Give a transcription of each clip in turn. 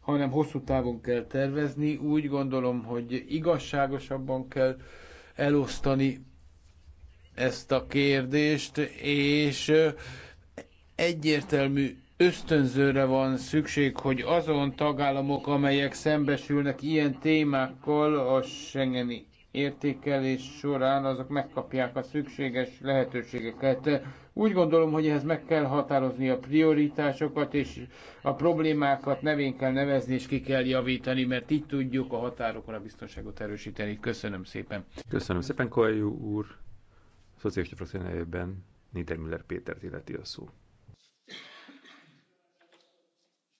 hanem hosszú távon kell tervezni. Úgy gondolom, hogy igazságosabban kell elosztani ezt a kérdést, és egyértelmű ösztönzőre van szükség, hogy azon tagállamok, amelyek szembesülnek ilyen témákkal a Schengeni értékelés során azok megkapják a szükséges lehetőségeket. Úgy gondolom, hogy ehhez meg kell határozni a prioritásokat, és a problémákat nevén kell nevezni, és ki kell javítani, mert így tudjuk a határokon a biztonságot erősíteni. Köszönöm szépen. Köszönöm szépen, Koelyú úr. Szociális Frakció nevében Niedermüller Péter illeti a szó.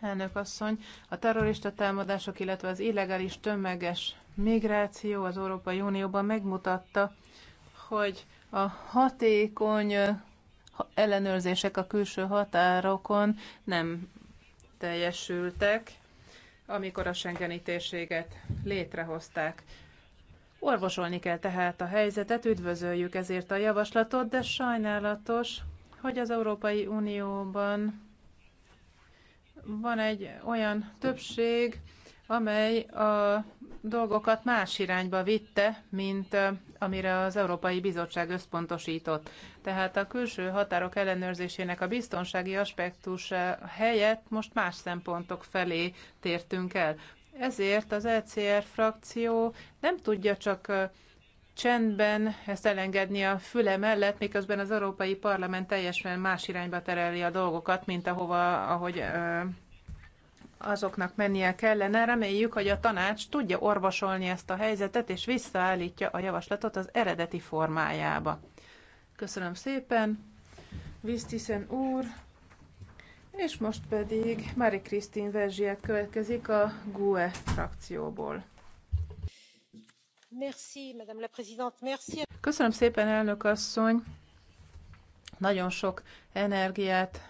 Elnök asszony, a terrorista támadások, illetve az illegális tömeges migráció az Európai Unióban megmutatta, hogy a hatékony ellenőrzések a külső határokon nem teljesültek, amikor a Schengeni térséget létrehozták. Orvosolni kell tehát a helyzetet, üdvözöljük ezért a javaslatot, de sajnálatos, hogy az Európai Unióban van egy olyan többség, amely a dolgokat más irányba vitte, mint amire az Európai Bizottság összpontosított. Tehát a külső határok ellenőrzésének a biztonsági aspektus helyett most más szempontok felé tértünk el. Ezért az ECR frakció nem tudja csak csendben ezt elengedni a füle mellett, miközben az Európai Parlament teljesen más irányba tereli a dolgokat, mint ahova, ahogy azoknak mennie kellene. Reméljük, hogy a tanács tudja orvosolni ezt a helyzetet, és visszaállítja a javaslatot az eredeti formájába. Köszönöm szépen, Visztisen úr, és most pedig Mari Krisztin Verzsiek következik a GUE frakcióból. Köszönöm szépen, elnök asszony. Nagyon sok energiát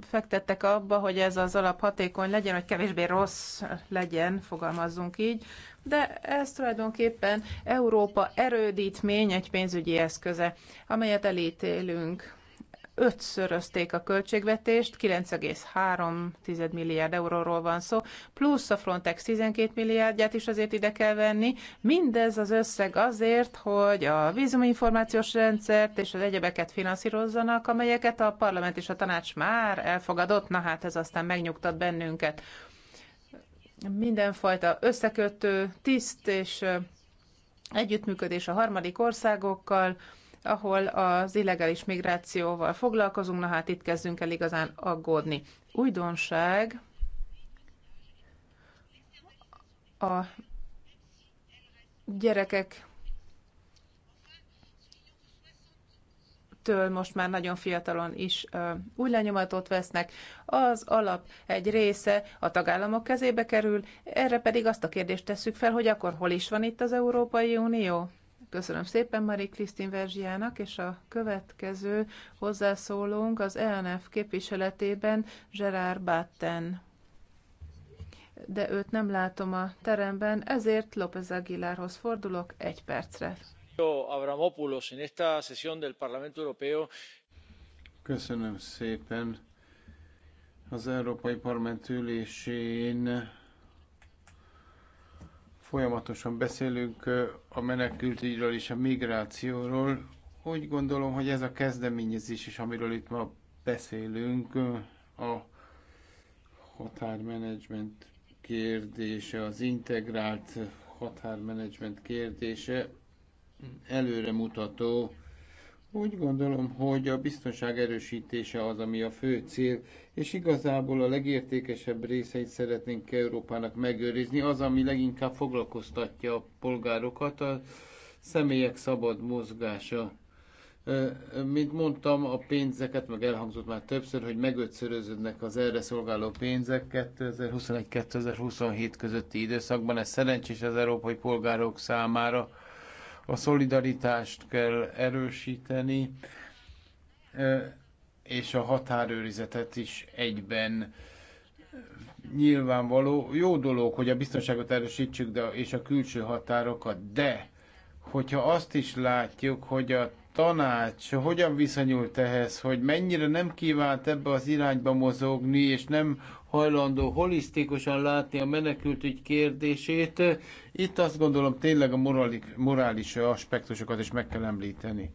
fektettek abba, hogy ez az alap hatékony legyen, hogy kevésbé rossz legyen, fogalmazzunk így, de ez tulajdonképpen Európa erődítmény, egy pénzügyi eszköze, amelyet elítélünk ötszörözték a költségvetést, 9,3 milliárd euróról van szó, plusz a Frontex 12 milliárdját is azért ide kell venni. Mindez az összeg azért, hogy a vízuminformációs rendszert és az egyebeket finanszírozzanak, amelyeket a parlament és a tanács már elfogadott, na hát ez aztán megnyugtat bennünket. Mindenfajta összekötő, tiszt és együttműködés a harmadik országokkal, ahol az illegális migrációval foglalkozunk, na hát itt kezdünk el igazán aggódni. Újdonság a gyerekek től most már nagyon fiatalon is új lenyomatot vesznek. Az alap egy része a tagállamok kezébe kerül, erre pedig azt a kérdést tesszük fel, hogy akkor hol is van itt az Európai Unió? Köszönöm szépen Mari Krisztin Verzsiának, és a következő hozzászólónk az ENF képviseletében Gerard Batten. De őt nem látom a teremben, ezért López Aguilarhoz fordulok egy percre. Avramopoulos en esta sesión del Parlamento Europeo. Köszönöm szépen. Az Európai Parlament ülésén Folyamatosan beszélünk a menekültügyről és a migrációról. Úgy gondolom, hogy ez a kezdeményezés is, amiről itt ma beszélünk, a határmenedzsment kérdése, az integrált határmenedzsment kérdése előremutató úgy gondolom, hogy a biztonság erősítése az, ami a fő cél, és igazából a legértékesebb részeit szeretnénk Európának megőrizni. Az, ami leginkább foglalkoztatja a polgárokat, a személyek szabad mozgása. Mint mondtam, a pénzeket, meg elhangzott már többször, hogy megötszöröződnek az erre szolgáló pénzek 2021-2027 közötti időszakban. Ez szerencsés az európai polgárok számára a szolidaritást kell erősíteni, és a határőrizetet is egyben nyilvánvaló. Jó dolog, hogy a biztonságot erősítsük, de, és a külső határokat, de hogyha azt is látjuk, hogy a tanács hogyan viszonyult ehhez, hogy mennyire nem kívánt ebbe az irányba mozogni, és nem hajlandó holisztikusan látni a menekültügy kérdését. Itt azt gondolom tényleg a morális, morális aspektusokat is meg kell említeni.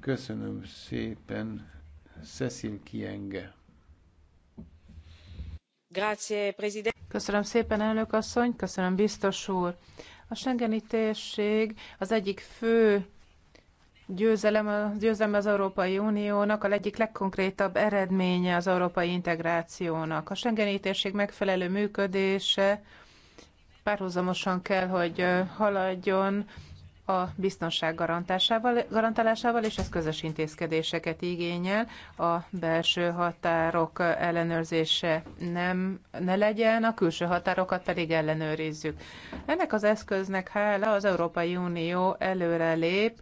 Köszönöm szépen, Cecil Kienge. Köszönöm szépen, elnök asszony, köszönöm biztos úr. A Schengeni térség az egyik fő győzelem, a győzelme az Európai Uniónak a egyik legkonkrétabb eredménye az európai integrációnak. A Schengeni térség megfelelő működése párhuzamosan kell, hogy haladjon a biztonság garantásával, garantálásával, és ez közös intézkedéseket igényel. A belső határok ellenőrzése nem, ne legyen, a külső határokat pedig ellenőrizzük. Ennek az eszköznek hála az Európai Unió előrelép, lép,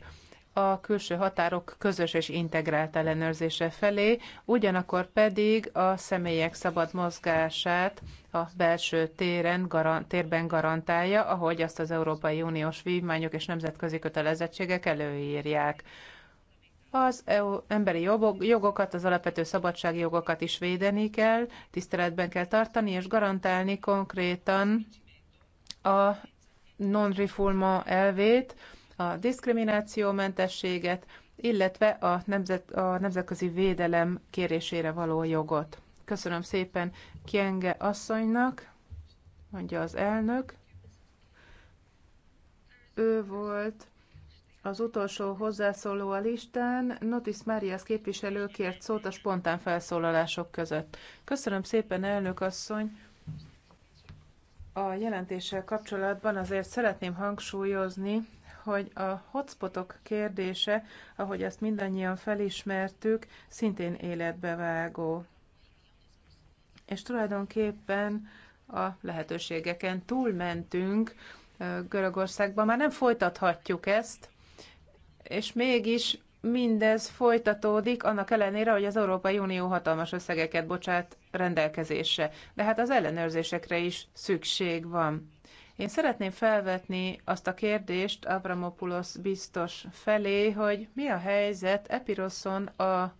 a külső határok közös és integrált ellenőrzése felé, ugyanakkor pedig a személyek szabad mozgását a belső téren, garan, térben garantálja, ahogy azt az Európai Uniós vívmányok és nemzetközi kötelezettségek előírják. Az EU emberi jogokat, az alapvető szabadsági jogokat is védeni kell, tiszteletben kell tartani és garantálni konkrétan a non-refoulement elvét, a diszkriminációmentességet, illetve a, nemzet, a nemzetközi védelem kérésére való jogot. Köszönöm szépen Kienge asszonynak, mondja az elnök. Ő volt az utolsó hozzászóló a listán, Notis Marias képviselő kért szót a spontán felszólalások között. Köszönöm szépen, elnök asszony! A jelentéssel kapcsolatban azért szeretném hangsúlyozni, hogy a hotspotok kérdése, ahogy ezt mindannyian felismertük, szintén életbevágó. És tulajdonképpen a lehetőségeken túlmentünk Görögországban, már nem folytathatjuk ezt, és mégis mindez folytatódik, annak ellenére, hogy az Európai Unió hatalmas összegeket bocsát rendelkezésre. De hát az ellenőrzésekre is szükség van. Én szeretném felvetni azt a kérdést Avramopoulos biztos felé, hogy mi a helyzet Epiroszon a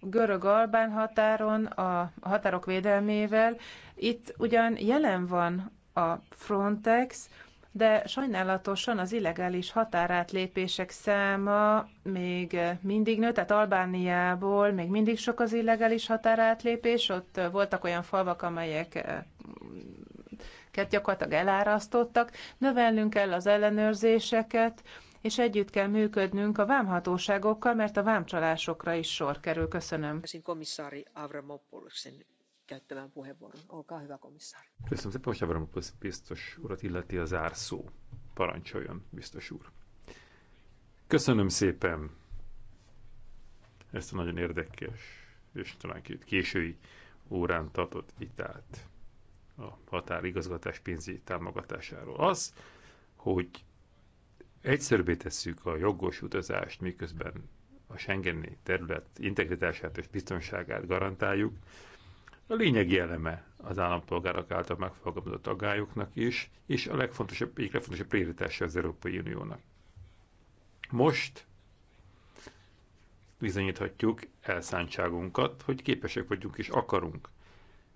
görög-albán határon, a határok védelmével. Itt ugyan jelen van a Frontex, de sajnálatosan az illegális határátlépések száma még mindig nő, tehát Albániából még mindig sok az illegális határátlépés, ott voltak olyan falvak, amelyek amiket gyakorlatilag elárasztottak, növelnünk kell az ellenőrzéseket, és együtt kell működnünk a vámhatóságokkal, mert a vámcsalásokra is sor kerül. Köszönöm. Köszönöm szépen, hogy Avramopoulos biztos urat illeti a zárszó. Parancsoljon, biztos úr. Köszönöm szépen ezt a nagyon érdekes és talán késői órán tartott vitát a határigazgatás pénzi támogatásáról. Az, hogy egyszerűbbé tesszük a jogos utazást, miközben a Schengeni terület integritását és biztonságát garantáljuk, a lényegi eleme az állampolgárok által megfogalmazott agályoknak is, és a legfontosabb, egyik legfontosabb prioritása az Európai Uniónak. Most bizonyíthatjuk elszántságunkat, hogy képesek vagyunk és akarunk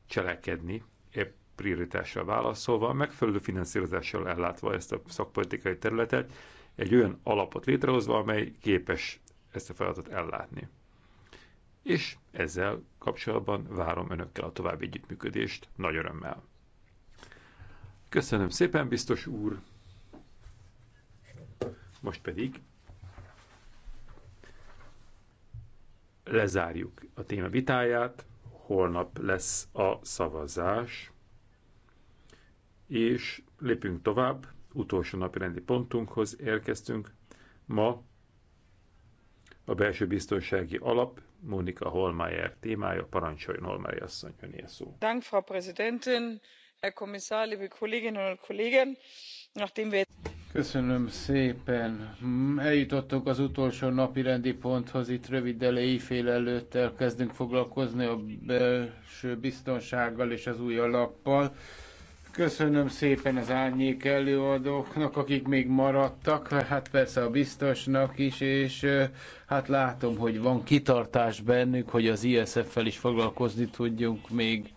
cselekedni épp prioritással válaszolva, megfelelő finanszírozással ellátva ezt a szakpolitikai területet, egy olyan alapot létrehozva, amely képes ezt a feladatot ellátni. És ezzel kapcsolatban várom önökkel a további együttműködést nagy örömmel. Köszönöm szépen, biztos úr! Most pedig lezárjuk a téma vitáját, holnap lesz a szavazás és lépünk tovább, utolsó napi rendi pontunkhoz érkeztünk. Ma a belső biztonsági alap, Monika Holmeier témája, parancsoljon Holmeier asszony, ön szó. Dank, Frau Präsidentin, Herr Kommissar, liebe Kolleginnen und Kollegen, nachdem wir Köszönöm szépen. Eljutottunk az utolsó napi rendi ponthoz, itt röviddel éjfél előtt elkezdünk foglalkozni a belső biztonsággal és az új alappal. Köszönöm szépen az árnyék előadóknak, akik még maradtak, hát persze a biztosnak is, és hát látom, hogy van kitartás bennük, hogy az ISF-fel is foglalkozni tudjunk még.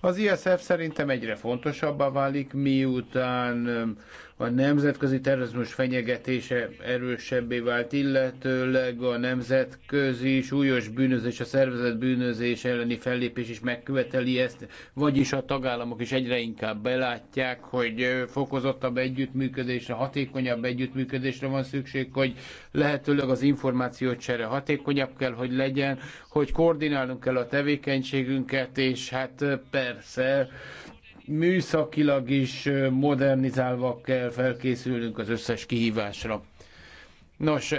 Az ISF szerintem egyre fontosabbá válik, miután a nemzetközi terrorizmus fenyegetése erősebbé vált, illetőleg a nemzetközi súlyos bűnözés, a szervezet bűnözés elleni fellépés is megköveteli ezt, vagyis a tagállamok is egyre inkább belátják, hogy fokozottabb együttműködésre, hatékonyabb együttműködésre van szükség, hogy lehetőleg az csere hatékonyabb kell, hogy legyen, hogy koordinálnunk kell a tevékenységünket, és hát persze műszakilag is modernizálva kell felkészülnünk az összes kihívásra. Nos,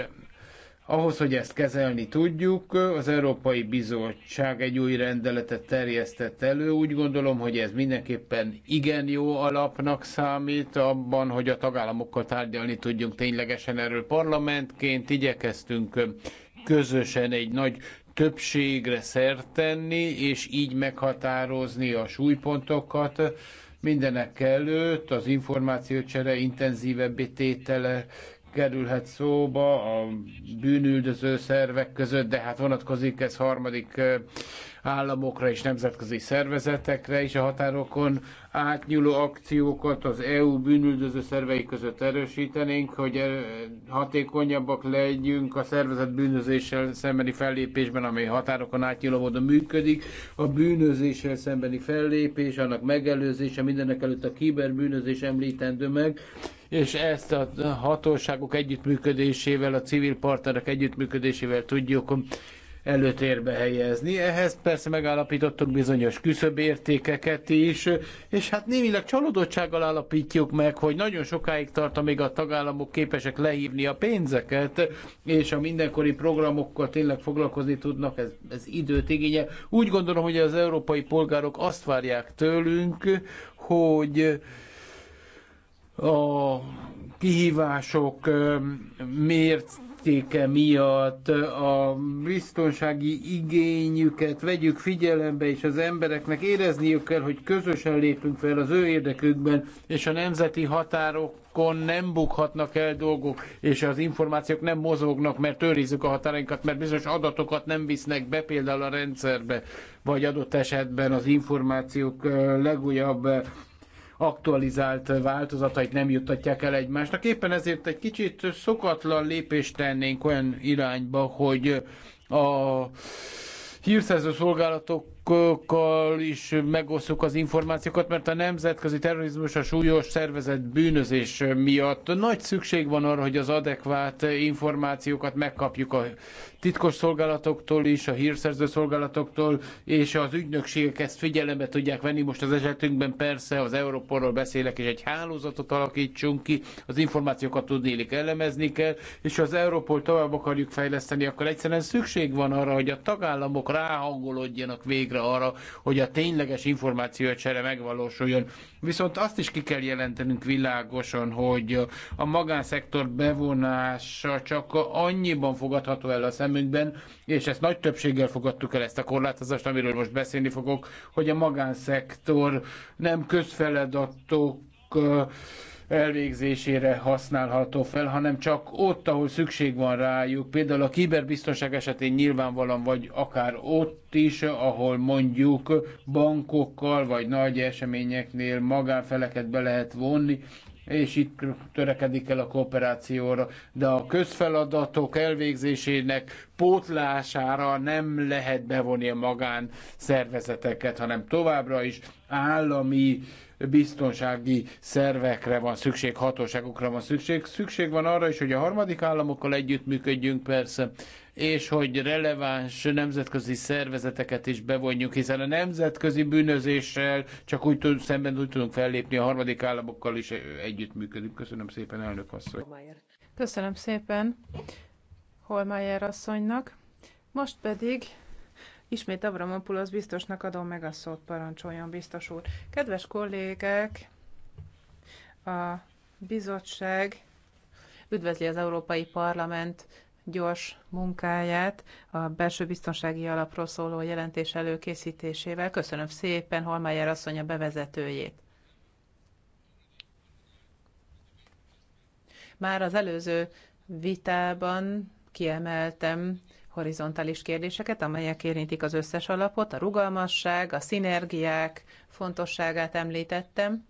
ahhoz, hogy ezt kezelni tudjuk, az Európai Bizottság egy új rendeletet terjesztett elő. Úgy gondolom, hogy ez mindenképpen igen jó alapnak számít abban, hogy a tagállamokkal tárgyalni tudjunk ténylegesen erről parlamentként. Igyekeztünk közösen egy nagy többségre szert tenni, és így meghatározni a súlypontokat. Mindenek előtt az információcsere intenzívebb tétele kerülhet szóba a bűnüldöző szervek között, de hát vonatkozik ez harmadik államokra és nemzetközi szervezetekre is a határokon átnyúló akciókat az EU bűnüldöző szervei között erősítenénk, hogy er- hatékonyabbak legyünk a szervezet bűnözéssel szembeni fellépésben, ami határokon átnyúló módon működik. A bűnözéssel szembeni fellépés, annak megelőzése, mindenek előtt a kiberbűnözés említendő meg, és ezt a hatóságok együttműködésével, a civil partnerek együttműködésével tudjuk előtérbe helyezni. Ehhez persze megállapítottunk bizonyos küszöbértékeket is, és hát némileg csalódottsággal állapítjuk meg, hogy nagyon sokáig tart, amíg a tagállamok képesek lehívni a pénzeket, és a mindenkori programokkal tényleg foglalkozni tudnak, ez, ez időt igénye. Úgy gondolom, hogy az európai polgárok azt várják tőlünk, hogy a kihívások miért értéke miatt a biztonsági igényüket vegyük figyelembe, és az embereknek érezniük kell, hogy közösen lépünk fel az ő érdekükben, és a nemzeti határokon nem bukhatnak el dolgok, és az információk nem mozognak, mert őrizzük a határainkat, mert bizonyos adatokat nem visznek be például a rendszerbe, vagy adott esetben az információk legújabb aktualizált változatait nem juttatják el egymásnak. Éppen ezért egy kicsit szokatlan lépést tennénk olyan irányba, hogy a hírszerző szolgálatok bankokkal is megosztjuk az információkat, mert a nemzetközi terrorizmus a súlyos szervezet bűnözés miatt nagy szükség van arra, hogy az adekvát információkat megkapjuk a titkos szolgálatoktól is, a hírszerző szolgálatoktól, és az ügynökségek ezt figyelembe tudják venni. Most az esetünkben persze az Európorról beszélek, és egy hálózatot alakítsunk ki, az információkat tudnélik elemezni kell, és az Európol tovább akarjuk fejleszteni, akkor egyszerűen szükség van arra, hogy a tagállamok ráhangolódjanak végre szükségre arra, hogy a tényleges információcsere megvalósuljon. Viszont azt is ki kell jelentenünk világosan, hogy a magánszektor bevonása csak annyiban fogadható el a szemünkben, és ezt nagy többséggel fogadtuk el ezt a korlátozást, amiről most beszélni fogok, hogy a magánszektor nem közfeladatok elvégzésére használható fel, hanem csak ott, ahol szükség van rájuk, például a kiberbiztonság esetén nyilvánvalóan, vagy akár ott is, ahol mondjuk bankokkal, vagy nagy eseményeknél magánfeleket be lehet vonni, és itt törekedik el a kooperációra, de a közfeladatok elvégzésének pótlására nem lehet bevonni a magán szervezeteket, hanem továbbra is állami biztonsági szervekre van szükség, hatóságokra van szükség. Szükség van arra is, hogy a harmadik államokkal együttműködjünk persze, és hogy releváns nemzetközi szervezeteket is bevonjuk, hiszen a nemzetközi bűnözéssel csak úgy tud, szemben úgy tudunk fellépni, a harmadik államokkal is együttműködünk. Köszönöm szépen, elnök asszony. Köszönöm szépen Holmájer asszonynak. Most pedig ismét Abramopulosz biztosnak adom meg a szót, parancsoljon biztos úr. Kedves kollégek, a bizottság üdvözli az Európai Parlament gyors munkáját a belső biztonsági alapról szóló jelentés előkészítésével. Köszönöm szépen Holmájer asszony a bevezetőjét. Már az előző vitában kiemeltem horizontális kérdéseket, amelyek érintik az összes alapot, a rugalmasság, a szinergiák fontosságát említettem,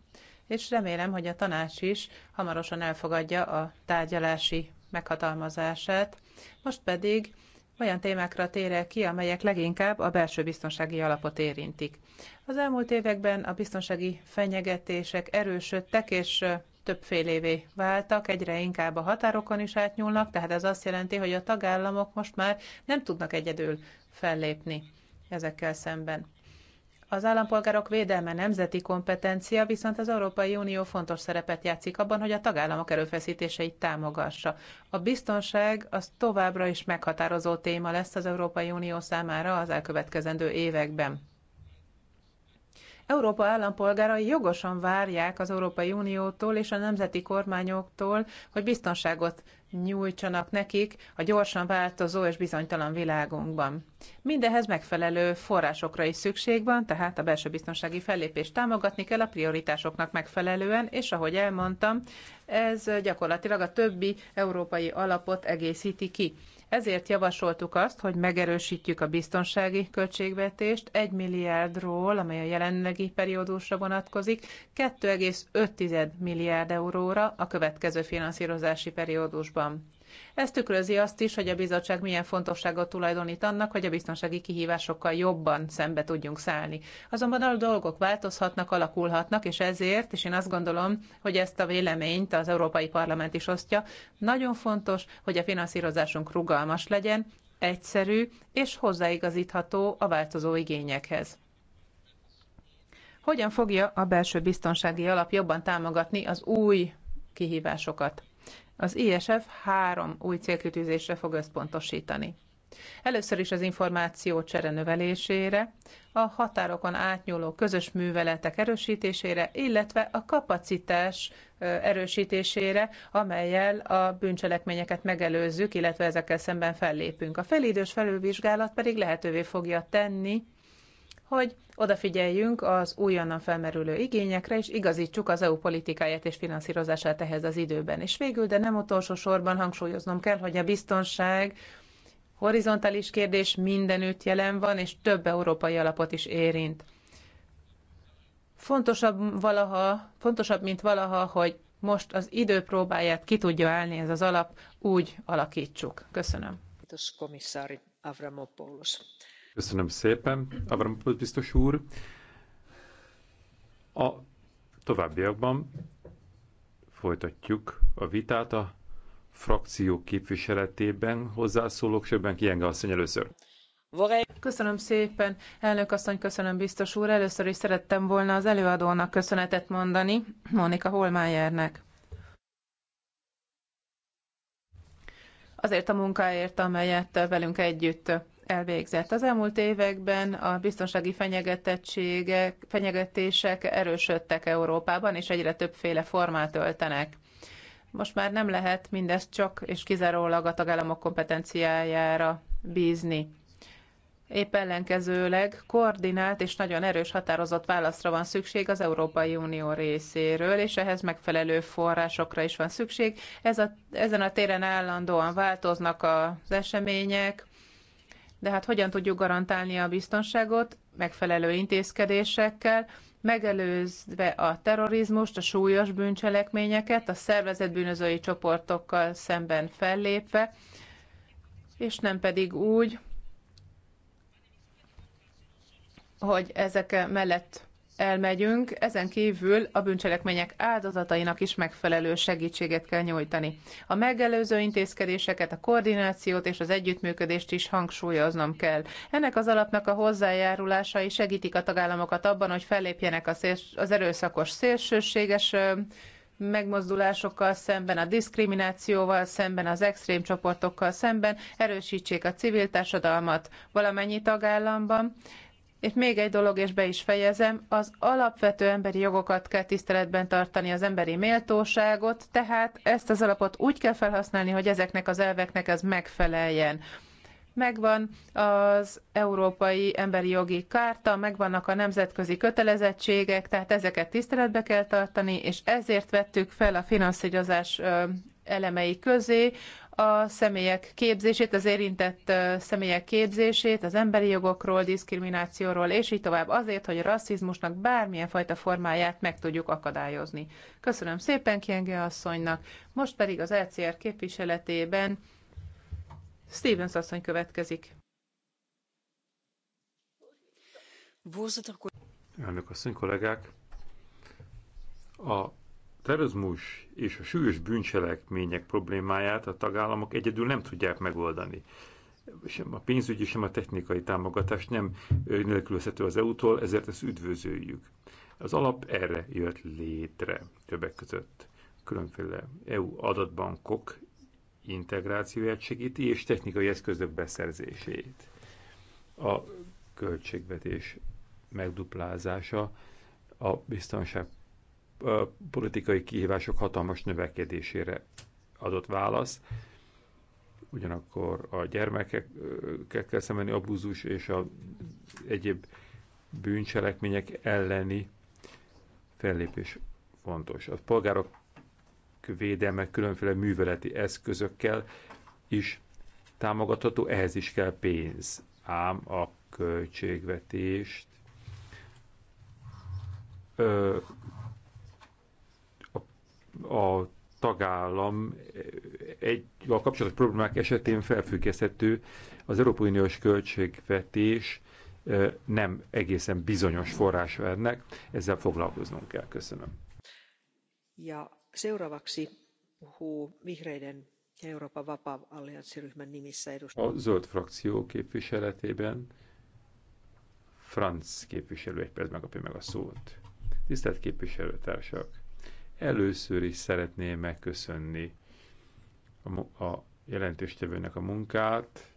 és remélem, hogy a tanács is hamarosan elfogadja a tárgyalási meghatalmazását, most pedig olyan témákra térek ki, amelyek leginkább a belső biztonsági alapot érintik. Az elmúlt években a biztonsági fenyegetések erősödtek, és többfélévé váltak, egyre inkább a határokon is átnyúlnak, tehát ez azt jelenti, hogy a tagállamok most már nem tudnak egyedül fellépni ezekkel szemben. Az állampolgárok védelme nemzeti kompetencia, viszont az Európai Unió fontos szerepet játszik abban, hogy a tagállamok erőfeszítéseit támogassa. A biztonság az továbbra is meghatározó téma lesz az Európai Unió számára az elkövetkezendő években. Európa állampolgárai jogosan várják az Európai Uniótól és a nemzeti kormányoktól, hogy biztonságot nyújtsanak nekik a gyorsan változó és bizonytalan világunkban. Mindehez megfelelő forrásokra is szükség van, tehát a belső biztonsági fellépést támogatni kell a prioritásoknak megfelelően, és ahogy elmondtam, ez gyakorlatilag a többi európai alapot egészíti ki. Ezért javasoltuk azt, hogy megerősítjük a biztonsági költségvetést 1 milliárdról, amely a jelenlegi periódusra vonatkozik, 2,5 milliárd euróra a következő finanszírozási periódusban. Ez tükrözi azt is, hogy a bizottság milyen fontosságot tulajdonít annak, hogy a biztonsági kihívásokkal jobban szembe tudjunk szállni. Azonban a dolgok változhatnak, alakulhatnak, és ezért, és én azt gondolom, hogy ezt a véleményt az Európai Parlament is osztja, nagyon fontos, hogy a finanszírozásunk rugalmas legyen, egyszerű és hozzáigazítható a változó igényekhez. Hogyan fogja a belső biztonsági alap jobban támogatni az új kihívásokat? Az ISF három új célkitűzésre fog összpontosítani. Először is az információ csere növelésére, a határokon átnyúló közös műveletek erősítésére, illetve a kapacitás erősítésére, amelyel a bűncselekményeket megelőzzük, illetve ezekkel szemben fellépünk. A felidős felülvizsgálat pedig lehetővé fogja tenni, hogy odafigyeljünk az újonnan felmerülő igényekre, és igazítsuk az EU politikáját és finanszírozását ehhez az időben. És végül, de nem utolsó sorban hangsúlyoznom kell, hogy a biztonság horizontális kérdés mindenütt jelen van, és több európai alapot is érint. Fontosabb, valaha, fontosabb, mint valaha, hogy most az idő próbáját ki tudja állni ez az alap, úgy alakítsuk. Köszönöm. Köszönöm, komisszári Avramopoulos Köszönöm szépen, Avramopoulos biztos úr. A továbbiakban folytatjuk a vitát a frakciók képviseletében hozzászólók, sőben kienge asszony először. Köszönöm szépen, elnök asszony, köszönöm biztos úr. Először is szerettem volna az előadónak köszönetet mondani, Monika Holmájernek. Azért a munkáért, amelyet velünk együtt elvégzett. Az elmúlt években a biztonsági fenyegetettségek, fenyegetések erősödtek Európában, és egyre többféle formát öltenek. Most már nem lehet mindezt csak és kizárólag a tagállamok kompetenciájára bízni. Épp ellenkezőleg koordinált és nagyon erős határozott válaszra van szükség az Európai Unió részéről, és ehhez megfelelő forrásokra is van szükség. Ez a, ezen a téren állandóan változnak az események, de hát hogyan tudjuk garantálni a biztonságot? Megfelelő intézkedésekkel, megelőzve a terrorizmust, a súlyos bűncselekményeket, a szervezett bűnözői csoportokkal szemben fellépve, és nem pedig úgy, hogy ezek mellett elmegyünk, ezen kívül a bűncselekmények áldozatainak is megfelelő segítséget kell nyújtani. A megelőző intézkedéseket, a koordinációt és az együttműködést is hangsúlyoznom kell. Ennek az alapnak a hozzájárulásai segítik a tagállamokat abban, hogy fellépjenek az erőszakos szélsőséges megmozdulásokkal szemben, a diszkriminációval szemben, az extrém csoportokkal szemben, erősítsék a civil társadalmat valamennyi tagállamban, és még egy dolog, és be is fejezem, az alapvető emberi jogokat kell tiszteletben tartani, az emberi méltóságot, tehát ezt az alapot úgy kell felhasználni, hogy ezeknek az elveknek ez megfeleljen megvan az Európai Emberi Jogi Kárta, megvannak a nemzetközi kötelezettségek, tehát ezeket tiszteletbe kell tartani, és ezért vettük fel a finanszírozás elemei közé a személyek képzését, az érintett személyek képzését, az emberi jogokról, diszkriminációról, és így tovább, azért, hogy a rasszizmusnak bármilyen fajta formáját meg tudjuk akadályozni. Köszönöm szépen Kienge asszonynak, most pedig az LCR e képviseletében Stevens asszony következik. Elnök asszony, kollégák! A terrorizmus és a súlyos bűncselekmények problémáját a tagállamok egyedül nem tudják megoldani. Sem a pénzügyi, sem a technikai támogatás nem nélkülözhető az EU-tól, ezért ezt üdvözöljük. Az alap erre jött létre többek között. Különféle EU adatbankok integrációját segíti, és technikai eszközök beszerzését. A költségvetés megduplázása a biztonság politikai kihívások hatalmas növekedésére adott válasz. Ugyanakkor a gyermekekkel szembeni abúzus és a egyéb bűncselekmények elleni fellépés fontos. A polgárok védelme különféle műveleti eszközökkel is támogatható, ehhez is kell pénz. Ám a költségvetést a tagállam egy a kapcsolatos problémák esetén felfüggeszthető az Európai Uniós költségvetés nem egészen bizonyos forrása ennek, ezzel foglalkoznunk kell. Köszönöm. Ja seuraavaksi puhuu vihreiden Európa vapaa allianssiryhmän nimissä edustaja. A zöld frakció képviseletében Franz képviselő egy perc megkapja meg a szót. Tisztelt képviselőtársak! Először is szeretném megköszönni a, a jelentéstevőnek a munkát,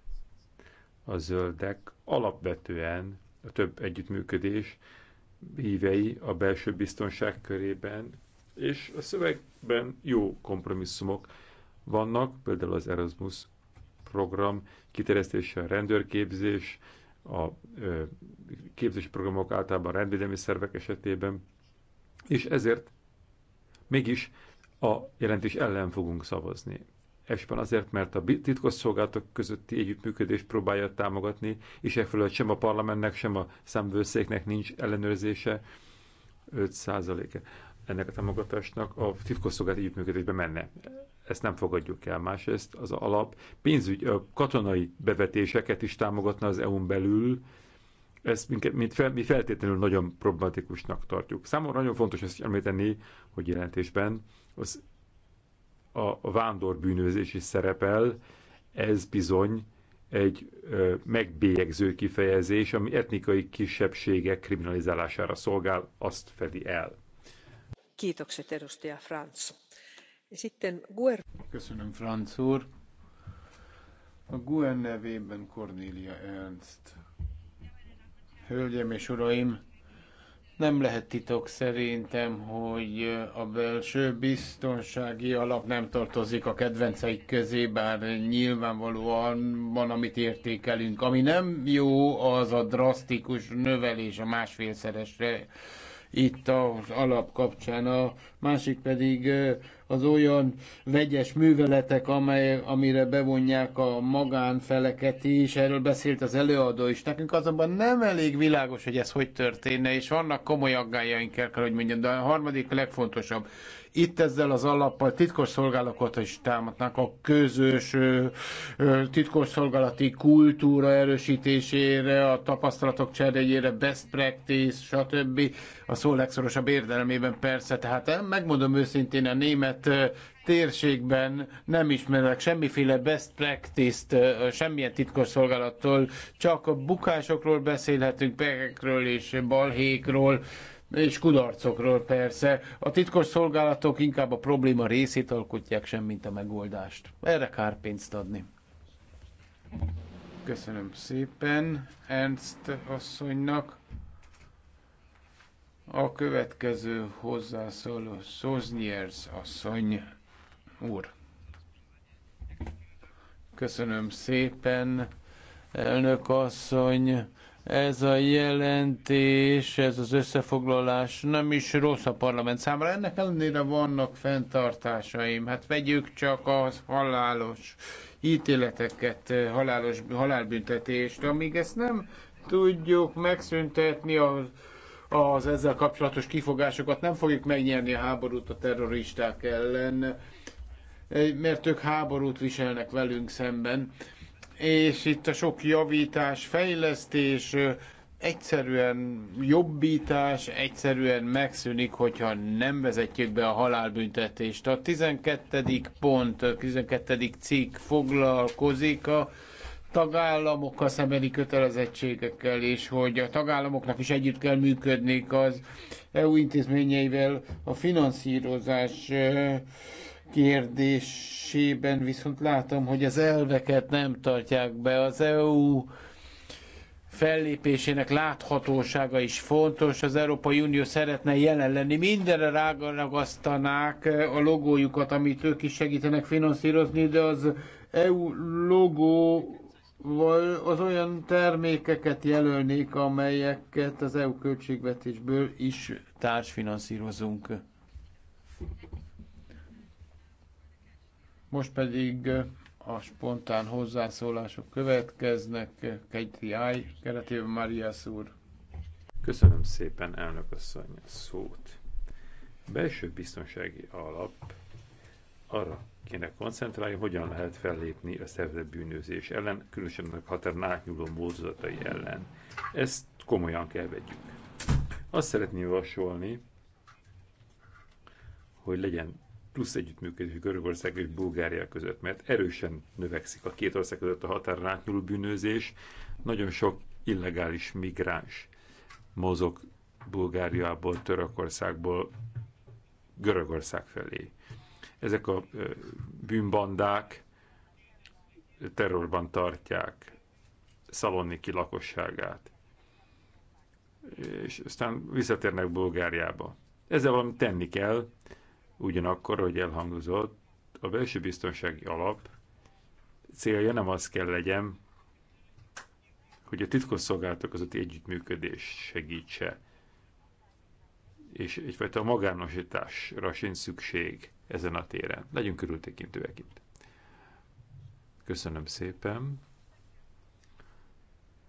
a zöldek alapvetően a több együttműködés hívei a belső biztonság körében, és a szövegben jó kompromisszumok vannak, például az Erasmus program kiterjesztése, a rendőrképzés, a programok általában rendvédelmi szervek esetében, és ezért Mégis a jelentés ellen fogunk szavazni. Esben azért, mert a titkos szolgálatok közötti együttműködést próbálja támogatni, és e fölött sem a parlamentnek, sem a számvőszéknek nincs ellenőrzése 5 százaléke ennek a támogatásnak a szolgálat együttműködésbe menne. Ezt nem fogadjuk el. Másrészt az alap pénzügy, katonai bevetéseket is támogatna az EU-n belül, ezt minket, mint fel, mi feltétlenül nagyon problematikusnak tartjuk. Számomra nagyon fontos ezt említeni, hogy jelentésben az a, vándor bűnözés is szerepel, ez bizony egy ö, megbélyegző kifejezés, ami etnikai kisebbségek kriminalizálására szolgál, azt fedi el. Guer... Köszönöm, Franz úr. A Guen nevében Cornélia Ernst Hölgyeim és Uraim! Nem lehet titok szerintem, hogy a belső biztonsági alap nem tartozik a kedvenceik közé, bár nyilvánvalóan van, amit értékelünk. Ami nem jó, az a drasztikus növelés a másfélszeresre itt az alap kapcsán. A másik pedig az olyan vegyes műveletek, amely, amire bevonják a magánfeleket is, erről beszélt az előadó is. Nekünk azonban nem elég világos, hogy ez hogy történne, és vannak komoly aggájaink, kell, hogy mondjam, de a harmadik legfontosabb. Itt ezzel az alappal titkos szolgálatokat is támadnak a közös titkos szolgálati kultúra erősítésére, a tapasztalatok cseréjére, best practice, stb. A szó legszorosabb érdelmében persze. Tehát megmondom őszintén, a német térségben nem ismerek semmiféle best practice-t, semmilyen titkos szolgálattól, csak a bukásokról beszélhetünk, pekekről és balhékról, és kudarcokról persze. A titkos szolgálatok inkább a probléma részét alkotják, sem mint a megoldást. Erre kár pénzt adni. Köszönöm szépen Ernst asszonynak. A következő hozzászóló Szozniers asszony úr. Köszönöm szépen, elnök asszony ez a jelentés, ez az összefoglalás nem is rossz a parlament számára. Ennek ellenére vannak fenntartásaim. Hát vegyük csak az halálos ítéleteket, halálos, halálbüntetést. Amíg ezt nem tudjuk megszüntetni az, az ezzel kapcsolatos kifogásokat, nem fogjuk megnyerni a háborút a terroristák ellen, mert ők háborút viselnek velünk szemben és itt a sok javítás, fejlesztés, egyszerűen jobbítás, egyszerűen megszűnik, hogyha nem vezetjük be a halálbüntetést. A 12. pont, a 12. cikk foglalkozik a tagállamokkal szembeni kötelezettségekkel, és hogy a tagállamoknak is együtt kell működni az EU intézményeivel a finanszírozás kérdésében viszont látom, hogy az elveket nem tartják be. Az EU fellépésének láthatósága is fontos. Az Európai Unió szeretne jelen lenni. Mindenre rágalagasztanák a logójukat, amit ők is segítenek finanszírozni, de az EU logó az olyan termékeket jelölnék, amelyeket az EU költségvetésből is társfinanszírozunk. Most pedig a spontán hozzászólások következnek. Áj, keretében Marias úr. Köszönöm szépen, elnök asszony, a szót. A belső biztonsági alap arra kéne koncentrálni, hogyan lehet fellépni a szervezett bűnözés ellen, különösen a határon átnyúló módozatai ellen. Ezt komolyan kell vegyük. Azt szeretném javasolni, hogy legyen plusz együttműködés Görögország és Bulgária között, mert erősen növekszik a két ország között a határon átnyúló bűnözés. Nagyon sok illegális migráns mozog Bulgáriából, Törökországból, Görögország felé. Ezek a bűnbandák terrorban tartják Szaloniki lakosságát, és aztán visszatérnek Bulgáriába. Ezzel valamit tenni kell, Ugyanakkor, hogy elhangzott, a belső biztonsági alap célja nem az kell legyen, hogy a titkosszolgálatok az együttműködés segítse, és egyfajta magánosításra sincs szükség ezen a téren. Legyünk körültekintőek itt. Köszönöm szépen.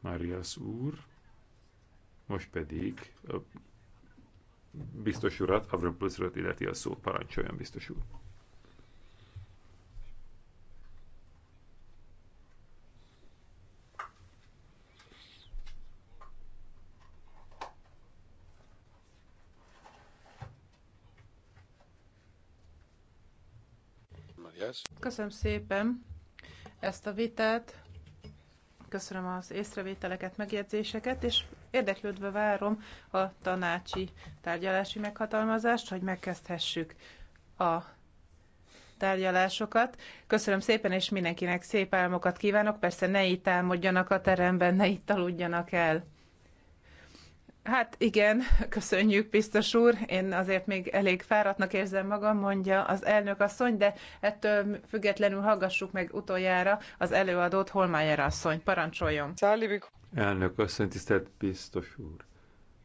Marias úr, most pedig a biztos urat, Avramopoulos urat illeti a szó. Parancsoljon, biztos úr. Köszönöm szépen ezt a vitát, köszönöm az észrevételeket, megjegyzéseket, és Érdeklődve várom a tanácsi tárgyalási meghatalmazást, hogy megkezdhessük a tárgyalásokat. Köszönöm szépen, és mindenkinek szép álmokat kívánok. Persze ne itt álmodjanak a teremben, ne itt aludjanak el. Hát igen, köszönjük, biztos úr. Én azért még elég fáradtnak érzem magam, mondja az elnök asszony, de ettől függetlenül hallgassuk meg utoljára az előadót, Holmájer asszony. Parancsoljon! Szálibik. Elnök asszony, tisztelt biztos úr!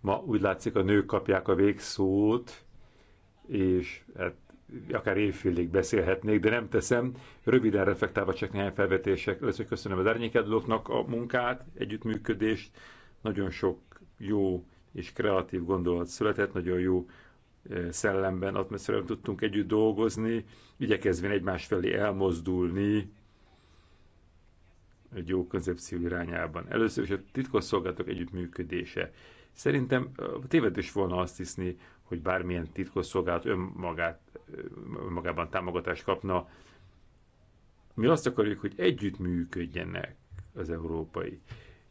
Ma úgy látszik, a nők kapják a végszót, és hát, akár évfélig beszélhetnék, de nem teszem. Röviden reflektálva csak néhány felvetések. Először köszönöm az árnyékedlóknak a munkát, együttműködést. Nagyon sok jó és kreatív gondolat született, nagyon jó eh, szellemben, atmoszférában tudtunk együtt dolgozni, igyekezvén egymás felé elmozdulni, egy jó koncepció irányában. Először is a titkosszolgálatok együttműködése. Szerintem tévedés volna azt hiszni, hogy bármilyen titkosszolgálat önmagát, önmagában támogatást kapna. Mi azt akarjuk, hogy együttműködjenek az európai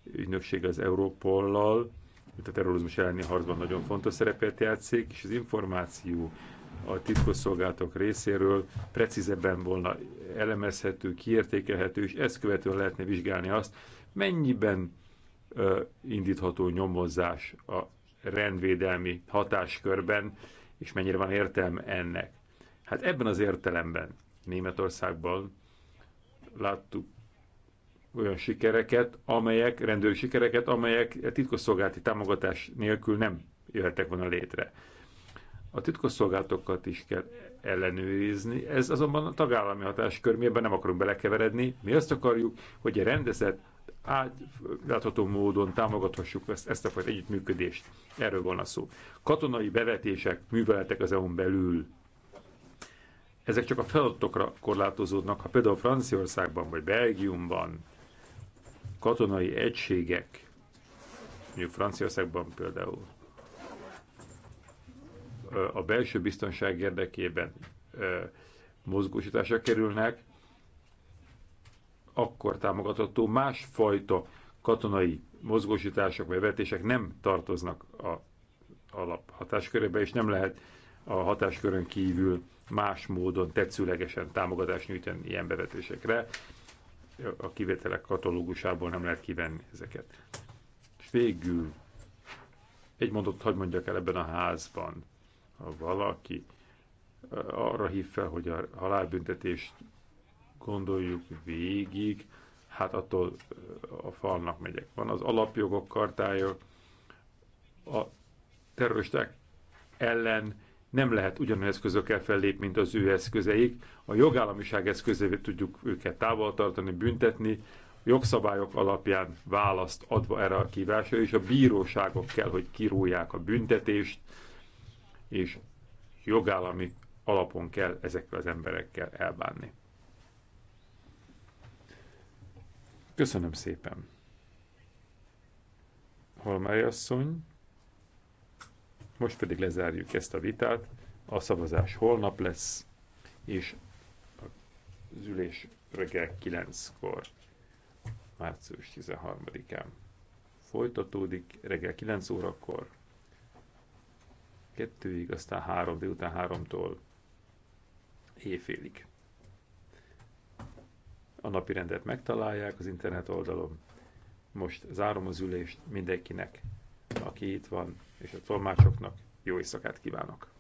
ügynökség az Európollal, itt a terrorizmus elleni harcban nagyon fontos szerepet játszik, és az információ a titkosszolgálatok részéről precízebben volna elemezhető, kiértékelhető, és ezt követően lehetne vizsgálni azt, mennyiben ö, indítható nyomozás a rendvédelmi hatáskörben, és mennyire van értelme ennek. Hát ebben az értelemben Németországban láttuk olyan sikereket, amelyek, rendőri sikereket, amelyek titkosszolgálati támogatás nélkül nem jöhettek volna létre. A titkosszolgálatokat is kell ellenőrizni, ez azonban a tagállami hatáskör, mi ebben nem akarunk belekeveredni, mi azt akarjuk, hogy a rendezett átlátható módon támogathassuk ezt, ezt a fajta együttműködést. Erről van a szó. Katonai bevetések, műveletek az EU-n belül, ezek csak a feladatokra korlátozódnak, ha például Franciaországban vagy Belgiumban katonai egységek, mondjuk Franciaországban például, a belső biztonság érdekében mozgósításra kerülnek, akkor támogatható másfajta katonai mozgósítások vagy vetések nem tartoznak a alap hatáskörébe, és nem lehet a hatáskörön kívül más módon tetszőlegesen támogatást nyújtani ilyen bevetésekre. A kivételek katalógusából nem lehet kivenni ezeket. És végül egy mondatot hagyd mondjak el ebben a házban ha valaki arra hív fel, hogy a halálbüntetést gondoljuk végig, hát attól a falnak megyek. Van az alapjogok kartája, a terroristák ellen nem lehet ugyanolyan eszközökkel fellépni, mint az ő eszközeik. A jogállamiság eszközévé tudjuk őket távol tartani, büntetni, jogszabályok alapján választ adva erre a kívásra, és a bíróságok kell, hogy kirúlják a büntetést, és jogállami alapon kell ezekkel az emberekkel elbánni. Köszönöm szépen. Halmály asszony, most pedig lezárjuk ezt a vitát. A szavazás holnap lesz, és az ülés reggel 9-kor, március 13-án folytatódik reggel 9 órakor kettőig, aztán három, délután háromtól éjfélig. A napi rendet megtalálják az internet oldalon. Most zárom az ülést mindenkinek, aki itt van, és a tolmácsoknak jó éjszakát kívánok!